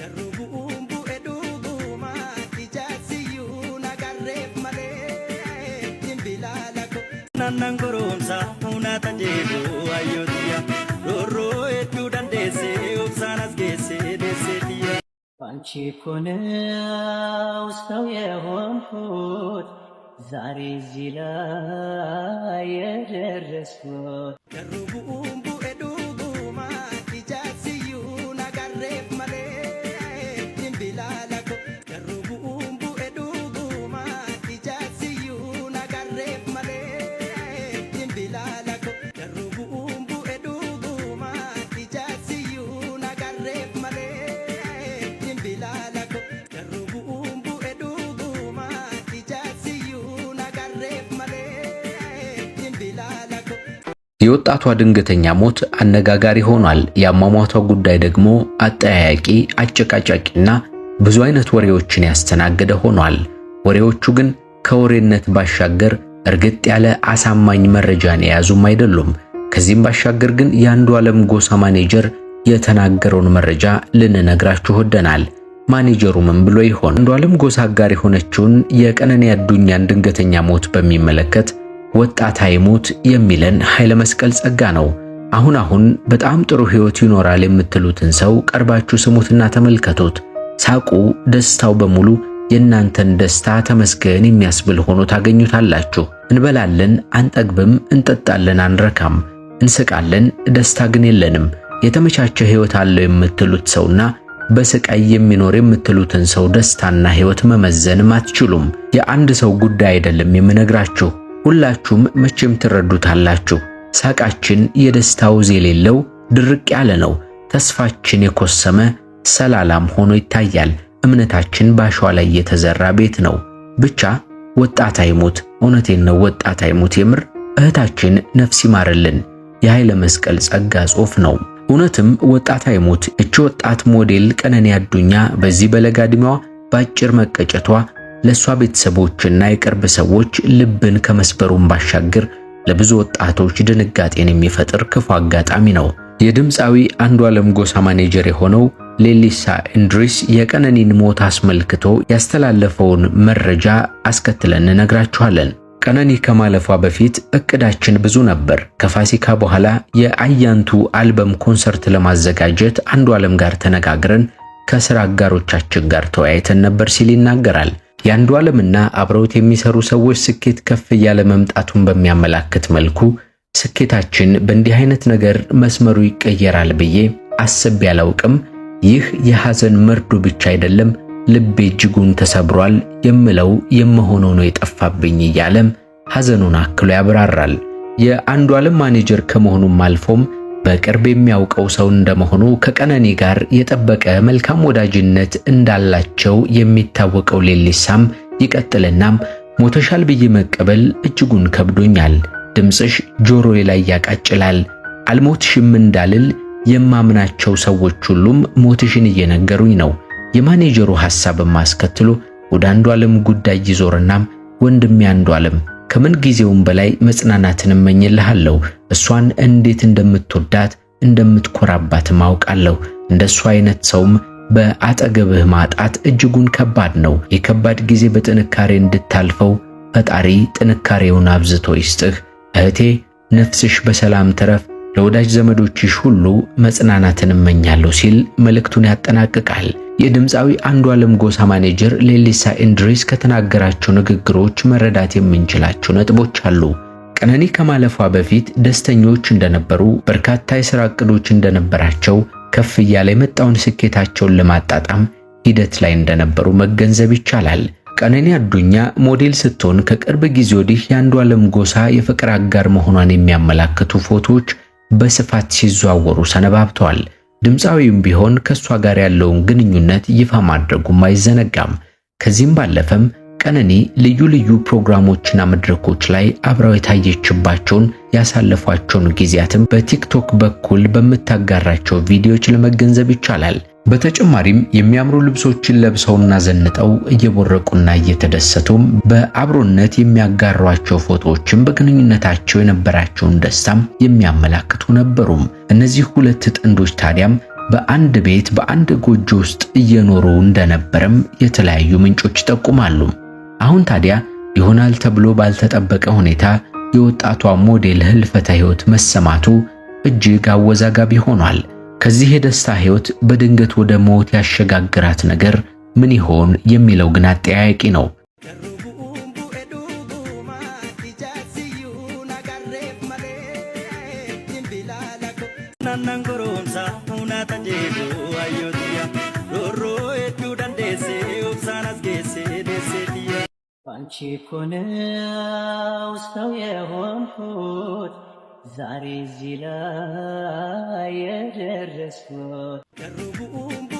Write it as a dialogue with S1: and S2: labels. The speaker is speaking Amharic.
S1: Garuu bu'ee dhuguma ijaarsiyyuu nagarreef malee dhimbilaala koo. Naannaan goromsa hunaata jeetuu ayyootiya roorroo hedduu dandeessee obsaan as geessee deesseetiya.
S2: አንቺ እኮ ነው ሰው የሆንኩት ዛሬ እዚህ ላይ የደረስኩት
S3: የወጣቷ ድንገተኛ ሞት አነጋጋሪ ሆኗል። የአሟሟቷ ጉዳይ ደግሞ አጠያያቂ፣ አጨቃጫቂና ብዙ አይነት ወሬዎችን ያስተናገደ ሆኗል። ወሬዎቹ ግን ከወሬነት ባሻገር እርግጥ ያለ አሳማኝ መረጃን የያዙም አይደሉም። ከዚህም ባሻገር ግን የአንዱ ዓለም ጎሳ ማኔጀር የተናገረውን መረጃ ልንነግራችሁ ወደናል። ማኔጀሩ ምን ብሎ ይሆን? አንዱ ዓለም ጎሳ አጋር የሆነችውን የቀነኒ አዱኛን ድንገተኛ ሞት በሚመለከት ወጣት አይሙት የሚለን ኃይለ መስቀል ጸጋ ነው። አሁን አሁን በጣም ጥሩ ህይወት ይኖራል የምትሉትን ሰው ቀርባችሁ ስሙትና ተመልከቱት። ሳቁ፣ ደስታው በሙሉ የእናንተን ደስታ ተመስገን የሚያስብል ሆኖ ታገኙታላችሁ። እንበላለን፣ አንጠግብም፣ እንጠጣለን፣ አንረካም፣ እንስቃለን፣ ደስታ ግን የለንም። የተመቻቸ ህይወት አለው የምትሉት ሰውና በስቃይ የሚኖር የምትሉትን ሰው ደስታና ህይወት መመዘንም አትችሉም። የአንድ ሰው ጉዳይ አይደለም የምነግራችሁ ሁላችሁም መቼም ትረዱታላችሁ። ሳቃችን የደስታው ውዝ የሌለው ድርቅ ያለ ነው። ተስፋችን የኮሰመ ሰላላም ሆኖ ይታያል። እምነታችን ባሸዋ ላይ የተዘራ ቤት ነው። ብቻ ወጣት አይሙት፣ እውነቴን ነው ወጣት አይሙት። የምር እህታችን ነፍስ ይማርልን። የኃይለ መስቀል ጸጋ ጽሑፍ ነው። እውነትም ወጣት አይሙት። እቺ ወጣት ሞዴል ቀነኒ አዱኛ በዚህ በለጋ ዕድሜዋ በአጭር መቀጨቷ ለእሷ ቤተሰቦችና የቅርብ ሰዎች ልብን ከመስበሩን ባሻገር ለብዙ ወጣቶች ድንጋጤን የሚፈጥር ክፉ አጋጣሚ ነው። የድምፃዊ አለም ጎሳ ማኔጀር የሆነው ሌሊሳ ኢንድሪስ የቀነኒን ሞት አስመልክቶ ያስተላለፈውን መረጃ አስከትለን ነግራችኋለን። ቀነኒ ከማለፏ በፊት እቅዳችን ብዙ ነበር። ከፋሲካ በኋላ የአያንቱ አልበም ኮንሰርት ለማዘጋጀት አለም ጋር ተነጋግረን ከስራ አጋሮቻችን ጋር ተወያይተን ነበር ሲል ይናገራል። የአንዱ ዓለምና አብረውት የሚሰሩ ሰዎች ስኬት ከፍ እያለ መምጣቱን በሚያመላክት መልኩ ስኬታችን በእንዲህ አይነት ነገር መስመሩ ይቀየራል ብዬ አስቤ አላውቅም። ይህ የሐዘን መርዶ ብቻ አይደለም፣ ልቤ እጅጉን ተሰብሯል። የምለው የመሆነው ነው የጠፋብኝ እያለም ሐዘኑን አክሎ ያብራራል። የአንዱ ዓለም ማኔጀር ከመሆኑም አልፎም በቅርብ የሚያውቀው ሰው እንደመሆኑ ከቀነኒ ጋር የጠበቀ መልካም ወዳጅነት እንዳላቸው የሚታወቀው ሌሊሳም ይቀጥልናም ሞተሻል ብዬ መቀበል እጅጉን ከብዶኛል። ድምፅሽ ጆሮዬ ላይ ያቃጭላል። አልሞትሽም እንዳልል የማምናቸው ሰዎች ሁሉም ሞትሽን እየነገሩኝ ነው። የማኔጀሩ ሐሳብም አስከትሎ ወደ ጉዳይ ይዞርናም ወንድሜ አንዷለም ከምን ጊዜውም በላይ መጽናናትን እመኝልሃለሁ። እሷን እንዴት እንደምትወዳት እንደምትኮራባት ማውቃለሁ። እንደሷ አይነት ሰውም በአጠገብህ ማጣት እጅጉን ከባድ ነው። የከባድ ጊዜ በጥንካሬ እንድታልፈው ፈጣሪ ጥንካሬውን አብዝቶ ይስጥህ። እህቴ ነፍስሽ በሰላም ትረፍ። ለወዳጅ ዘመዶችሽ ሁሉ መጽናናትን እመኛለሁ ሲል መልእክቱን ያጠናቅቃል። የድምፃዊ አንዷለም ጎሳ ማኔጀር ሌሊሳ ኢንድሪስ ከተናገራቸው ንግግሮች መረዳት የምንችላቸው ነጥቦች አሉ። ቀነኒ ከማለፏ በፊት ደስተኞች እንደነበሩ፣ በርካታ የሥራ ዕቅዶች እንደነበራቸው፣ ከፍ እያለ የመጣውን ስኬታቸውን ለማጣጣም ሂደት ላይ እንደነበሩ መገንዘብ ይቻላል። ቀነኒ አዱኛ ሞዴል ስትሆን ከቅርብ ጊዜ ወዲህ የአንዷለም ጎሳ የፍቅር አጋር መሆኗን የሚያመላክቱ ፎቶዎች በስፋት ሲዘዋወሩ ሰነባብተዋል። ድምፃዊም ቢሆን ከእሷ ጋር ያለውን ግንኙነት ይፋ ማድረጉም አይዘነጋም። ከዚህም ባለፈም ቀነኒ ልዩ ልዩ ፕሮግራሞችና መድረኮች ላይ አብራው የታየችባቸውን ያሳለፏቸውን ጊዜያትም በቲክቶክ በኩል በምታጋራቸው ቪዲዮዎች ለመገንዘብ ይቻላል። በተጨማሪም የሚያምሩ ልብሶችን ለብሰውና ዘንጠው እየቦረቁና እየተደሰቱም በአብሮነት የሚያጋሯቸው ፎቶዎችም በግንኙነታቸው የነበራቸውን ደስታም የሚያመላክቱ ነበሩም። እነዚህ ሁለት ጥንዶች ታዲያም በአንድ ቤት በአንድ ጎጆ ውስጥ እየኖሩ እንደነበረም የተለያዩ ምንጮች ይጠቁማሉ። አሁን ታዲያ ይሆናል ተብሎ ባልተጠበቀ ሁኔታ የወጣቷ ሞዴል ህልፈተ ህይወት መሰማቱ እጅግ አወዛጋቢ ሆኗል። ከዚህ የደስታ ሕይወት በድንገት ወደ ሞት ያሸጋግራት ነገር ምን ይሆን የሚለው ግን አጠያያቂ ነው።
S2: አንቺ እኮ ነው ሰው የሆንኩት ዛሬ እዚህ ላይ የደረስኩት